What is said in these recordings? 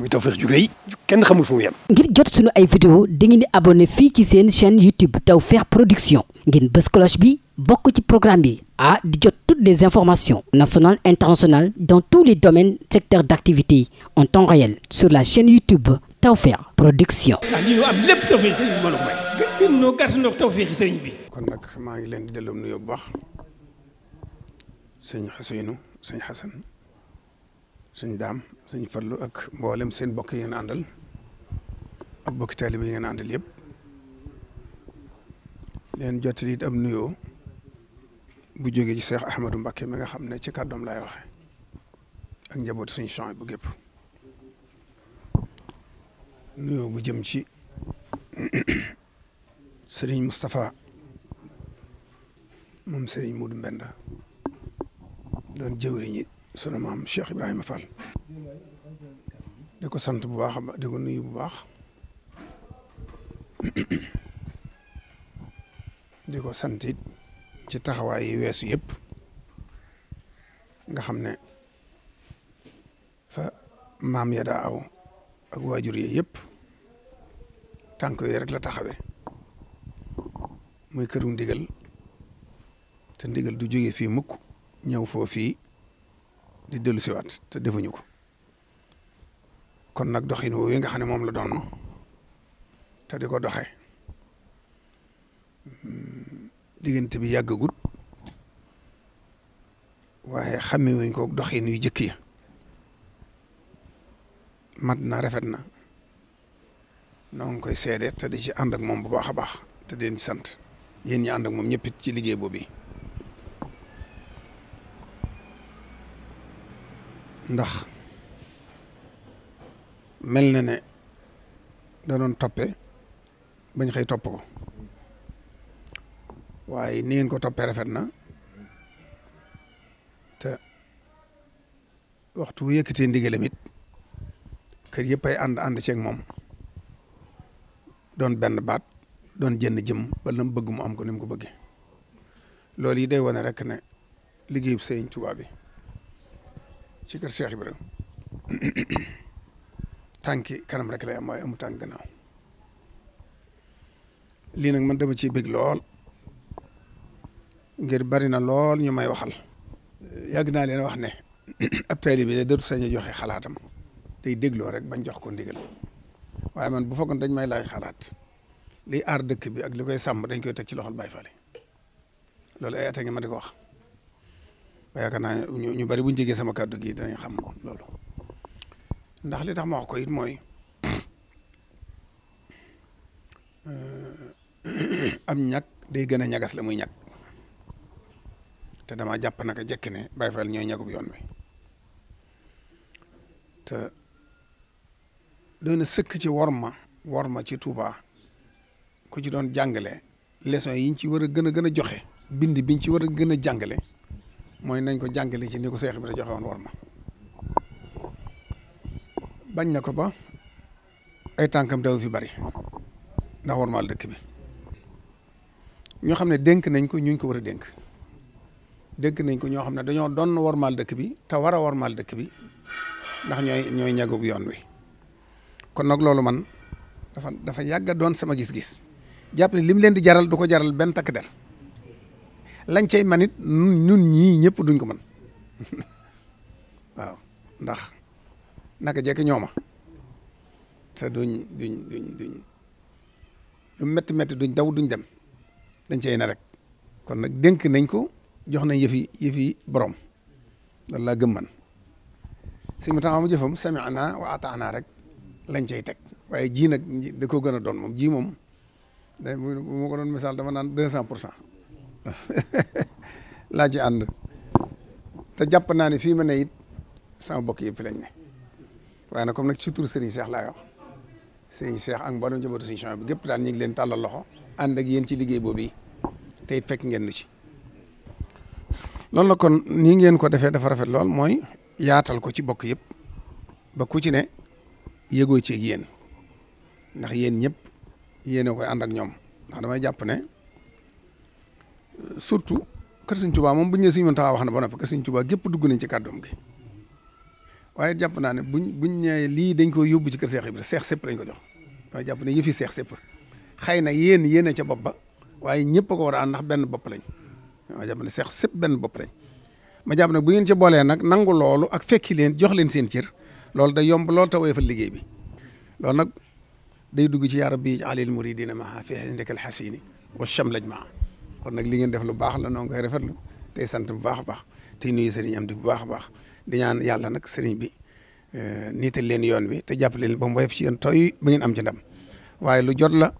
muy Tawfekh ju rëy kenn xamul fu mu yem. ngir jot sunu ay vidéo dangeen di abonné fii ci seen chaîne YouTube Tawfekh Production ngeen bës cloche bi bokk ci programme bi ah di jot toutes des informations nationale internationales dans tous les domaines secteurs d'activité en temps réel sur la chaîne YouTube Tawfekh Production. ah lii ñu am lépp Tawfekh sëriñ bi mbooloo bi. kon nag maa ngi leen di delloo nuyoo bu baax suñ daam suñ farlu ak mboolem seen bokk yi ngeen àndal ak bokki taalibe yi ngeen àndal yëpp leen jottali it am nuyoo bu jógee ci Cheikh Ahmadou Mbacké mi nga xam ne ci kàddoom laay waxe ak njaboot suñ champs bu gépp nuyoo bu jëm ci Serigne Moustapha moom Serigne Modou Mbenda doon jëwriñi sunu maam Cheikh Ibrahima Fall di ko sant bu baax di ko nuyu bu baax di ko sant ci taxawaay yi weesu yépp nga xam ne fa maam ya daa aw ak waajur yi yëpp tànk yooyu rek la taxawe muy këru ndigal te ndigal du jóge fi mukk ñaw foo di dellu siwaat te defuñu ko kon nag doxin woowu nga xam ne moom la doon te di ko doxee hmm, diggante bi yàggagut waaye xàmme wuñ ko doxin yu jëkk ya mat na rafet na noo ngi koy seede te di ci ànd ak moom bu baax a baax te di leen sant yéen ñi ànd ak moom ñëpp ci liggéey boobu ndax mel na ne da doon toppe bañ xëy topp ko waaye ni ko toppee rafet na te waxtu bu yëkkatee ndigalam it kër yëpp ay ànd ànd ceeg moom doon benn baat doon jënn jëm ba lam bëgg mu am ko ni ko bëggee loolu yi day wane rek ne liggéeyub sëñ Tuubaa bi ci kër bi Ibrahima tànki kanam rek lay am waaye amu tànk gannaaw lii nag man dama ci bég lool ngir bari na lool ñu may waxal yàgg naa leen wax ne ab taalibe bi dootu sañ a joxe xalaatam day dégloo rek bañ jox ko ndigal waaye man bu fekkoon dañ may laaj xalaat li aar dëkk bi ak li koy sàmm dañ koy teg ci loxol Baay Faal loolu ay at ngi ma di ko wax ba yaakaar naa ñu ñu bari bu ñu sama kàddu gi danañ xam loolu ndax li tax ma wax ko it mooy euh, am ñag day gën a ñagas la muy ñag te dama jàpp naka jekki ne Baay Faal ñooy ñagub yoon wi te doona sëkk ci worma worma ci tuuba ku ci doon jàngale lesson yi ñu ci war a gën a gën a joxe bind biñ ci war a gën a jàngale mooy nañ ko jàngale ci ni ko Seex Ibra joxe woon bañ na ko ba ay tànkam daw fi bari ndax dëkk bi ñoo xam ne dénk nañ ko ñuñ ko war a dénk dénk nañ ko ñoo xam ne dañoo doon warmaal dëkk bi te war a warmaal dëkk bi ndax ñooy ñooy ñagub yoon wi kon nag loolu man dafa dafa yàgga doon sama gis-gis jàpp ne lim leen di jaral du ko jaral benn takk der lañ cay manit ñun ñii ñëpp duñ ko mën waaw ndax naka jekk ñooma te duñ duñ duñ duñ lu métti métti duñ daw duñ dem dañ cay na rek kon nag dénk nañ ko jox nañ yëfi yëfi borom la laa gëm man suñu mu taxaw mu jëfam sami'na wa ata'na rek lañ cay teg waaye jii nag da koo gën a doon jii ji moom da bu ma ko doon misaal dama naan deux cent pour cent laa ci ànd te jàpp naa ne fii ma ne it sama bokk yëpp fi lañ ne waaye nag comme nag ci tur Serigne Cheikh laay wax Serigne Cheikh ak mboolem njabootu Serigne Cheikh bi gépp daal ñu ngi leen tàllal loxo ànd ak yéen ci liggéey boobu yi fekk ngeen nu ci loolu la kon nii ngeen ko defee dafa rafet lool mooy yaatal ko ci bokk yëpp ba ku ci ne yëgoo ci ak yéen ndax yéen ñëpp yéen a koy ànd ñoom ndax damay jàpp ne. surtout kër Sëñ Tuubaa moom bu ñu nee Sëñ Muntaxa wax na ba noppi kër Sëñ Tuubaa gépp dugg nañ ci kàddoom gi waaye jàpp naa ne buñ buñ nee lii dañ ko yóbbu ci kër Seex seex sépp lañ ko jox waaye jàpp ne yëfi seex sépp xëy na yéen yéene ca bopp ba waaye ñëpp ko war a ànd benn bopp lañ ma jàpp ne seex sépp benn bopp lañ ma jàpp ne bu ngeen ci boolee nag nangu loolu ak fekki leen jox leen seen cër loolu day yomb loolu te woyofal liggéey bi loolu nag day dugg ci yaara bi alil muridina maha fi indikal xasini wa chamlaj maa kon nag li ngeen def lu baax la noo ngi koy rafetlu tey sant bu baax a baax tey nuyu sëriñ am di bu baax a baax di ñaan yàlla nag sëriñ bi euh, niital leen yoon bi te jàpp leen ba mu woyof ci yen tooy ba ngeen am ci ndam waaye lu jot la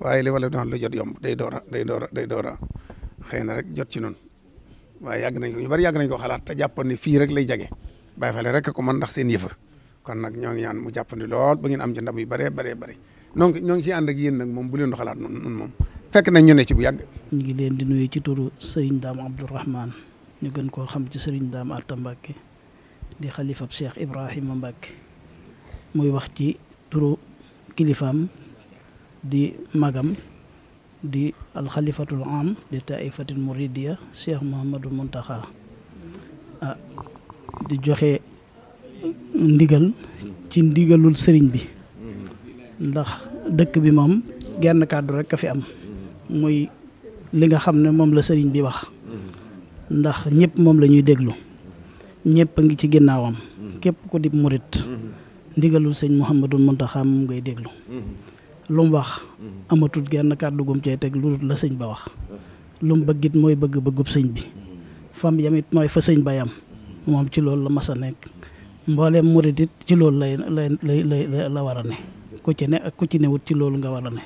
waaye li wala doon lu jot yomb day door day door day door a xëy na rek jot ci noonu waaye yàgg nañ ko ñu bari yàgg nañ ko xalaat te jàppoon ne fii rek lay jage bàyyi fale rek ko man ndax seen yëfa kon nag ñoo yaan mu jàppandi lool ba ngeen am ci ndam yu bëree bëree bëri ñoo ngi ñoo ngi ak yéen nag moom bu leen du noonu moom fekk nañ ñu ne ci bu yàgg. ñu ngi leen di nuy ci turu Serigne Dame Abdourahman ñu gën koo xam ci Serigne Dame Atta Mbacke di xalifab Cheikh Ibrahima Mbacke muy wax ci turu kilifaam di magam di alxalifatul am di taifatil muridiya Cheikh Mouhamadou Mountakha ah, di joxe ndigal ci ndigalul sëriñ bi ndax dëkk bi moom genn kàddu rekk a fi am. muy li nga xam ne moom la sëriñ bi wax ndax ñëpp moom la ñuy déglu ñëpp ngi ci ginnaawam képp ko di murit ndigalul sëñ Mouhamadou Mountakha moom ngay déglu lu mu wax amatul genn kàddu gum cee teg lu la sëñ ba wax lu bëggit mooy bëgg-bëggub sëñ bi fam yamit mooy fa sëñ bayam moom ci loolu la mas a nekk mbooleem murit it ci loolu lay la war a ne ku ne ak ku ci newut ci loolu nga war a ne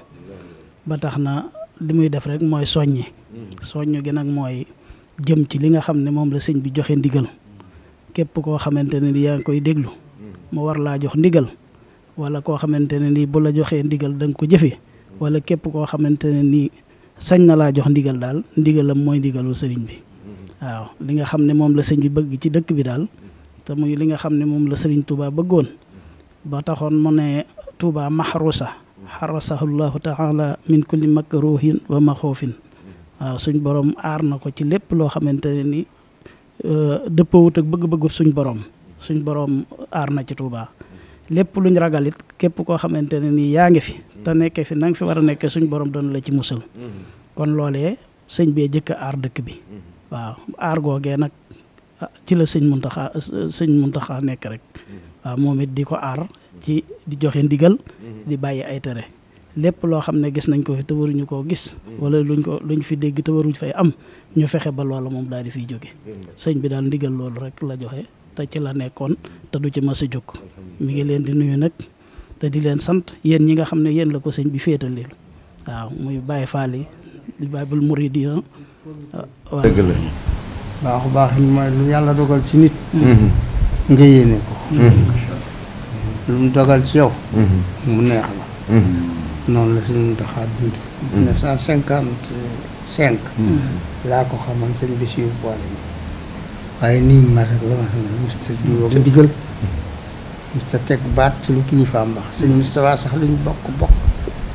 ba tax na li muy def rek mooy soññi soññ gi nag mooy jëm ci li nga xam ne moom la sëñ bi joxe ndigal képp koo xamante ne ni koy déglu mu war laa jox ndigal wala koo xamante ne ni bu la joxee ndigal da ko jëfee wala képp koo xamante ne ni sañ na laa jox ndigal daal ndigalam mooy ndigalul sëriñ bi waaw li nga xam ne moom la sëñ bi bëgg ci dëkk bi daal te muy li nga xam ne moom la sëriñ Touba bëggoon ba taxoon mu ne tuuba Touba mahrusa xarasahu llahu taala min kulli makruhin wa maxoofin waaw suñ borom aar na ko ci lépp loo xamante ne ni euh, dëppawut ak bëgg bëgg suñ borom suñ borom aar na ci Touba lépp luñ ragalit képp koo xamante ne nii yaa ngi fi te nekkee fi na nga fi war nekkee suñ borom doon la ci musal kon loolee sëñ bee jëkk aar dëkk bi waaw aar googee nag ah, ci la sëñ Muntaxa sëñ Muntaxa nekk rek waaw moom it di ko aar ci di joxe ndigal mhm. di bàyyi ay tere lépp loo xam ne gis nañ ko fi te waruñu koo gis mhm. wala luñ ko luñ fi dégg te waruñ fay am ñu fexe ba loola moom daal di fiy jóge mhm. sëñ bi daal ndigal loolu rek la joxe te ci la nekkoon te du ci mas a jóg mu ngi leen di nuyu nag te di leen sant yéen ñi nga xam ne yéen la ko sëñ bi féetaleel waaw muy Baye Fall yi di Baabul Muridina waaw dëgg la baaxu baax mooy lu yàlla dogal ci nit nga yéene lu mu dogal ci yow. Mhm. mu neex la. Mhm. noonu la sëñ Mountakha dund. cinq laa ko xamoon sëñ Bassirou boole ma waaye nii ma rek la ma xam ne musta juróom mhm. ndigal. musta teg baat ci lu kilifaam wax sëñ Moustapha sax luñ bokk bokk.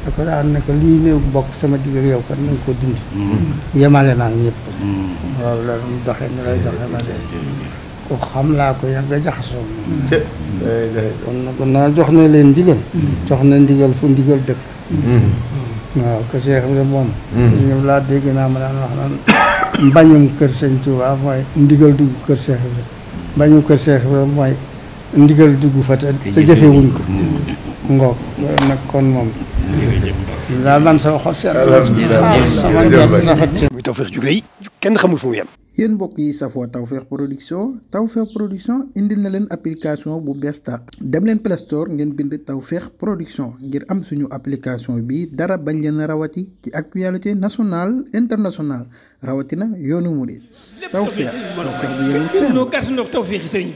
da ko daan ne lii néew bokk sama digg ak yow kat na ko dindi. yemale naa ñëpp. loolu la doxee ni lay doxee ma de. ku xam laa ko yàgg a jaxasoo naa jox na leen ndigal mm. jox na ndigal fu ndigal dëkk mm. waaw que Cheikh Ibrahima moom mm. ñëw laa dégg naa ma daan wax naan mbañum kër sëñ Tuubaa mooy ndigal dugg kër Cheikh Ibrahima mbañum kër Cheikh Ibrahima mooy ndigal dugg fa te jëfewuñ ko ngoog nag kon moom daal man sama xol seet ah, sama njëriñ na fa muy tawfeex ju rëy kenn xamul fu mu yem yéen mbokk yi safoo Tawfekh Production indi na leen application bu bees tàq dem leen Play Store ngeen bind Tawfekh Production ngir am suñu application bi dara bañ leen rawati ci actualité nationale internationale rawatina yoonu mu de Tawfekh Tawfekh bu yéen seen